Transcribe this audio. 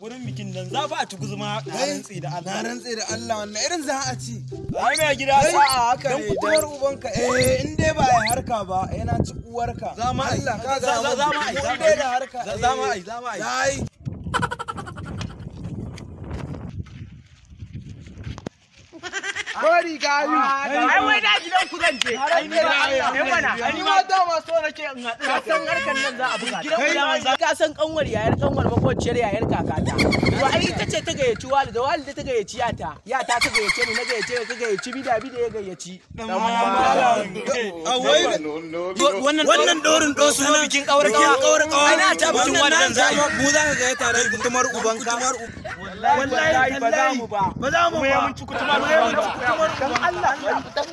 Wurin bikin nan za a ci zuma na rantse da Allah. Na rantse da Allah wannan irin za a ci. Ai mai gida sa'a haka ne. Dan uwar ubanka eh in dai ba ai harka ba yana ci uwarka. Za ma ai. za ma ai. Za ma ai. Eh, za ma ai. Za ma ai. ko riga yi. ai wai da gidan ku zan je ai da ai ni ma da ma so nake in haɗu ka san harkan nan za a buga ka san kanwar yayar kanwar makwabciyar yayar kakata to ai ita ce ta gayyaci walida walida ta gayyaci yata yata ta gayyace ni na gayyace ka gayyaci bida bida ya gayyaci wannan wannan dorin na bikin kaura kaura kaura ina ta bikin wannan za mu za ka gayyata da gutumar ubanka wallahi ba za mu ba ba za mu ba mu mun ci ubanka dan Allah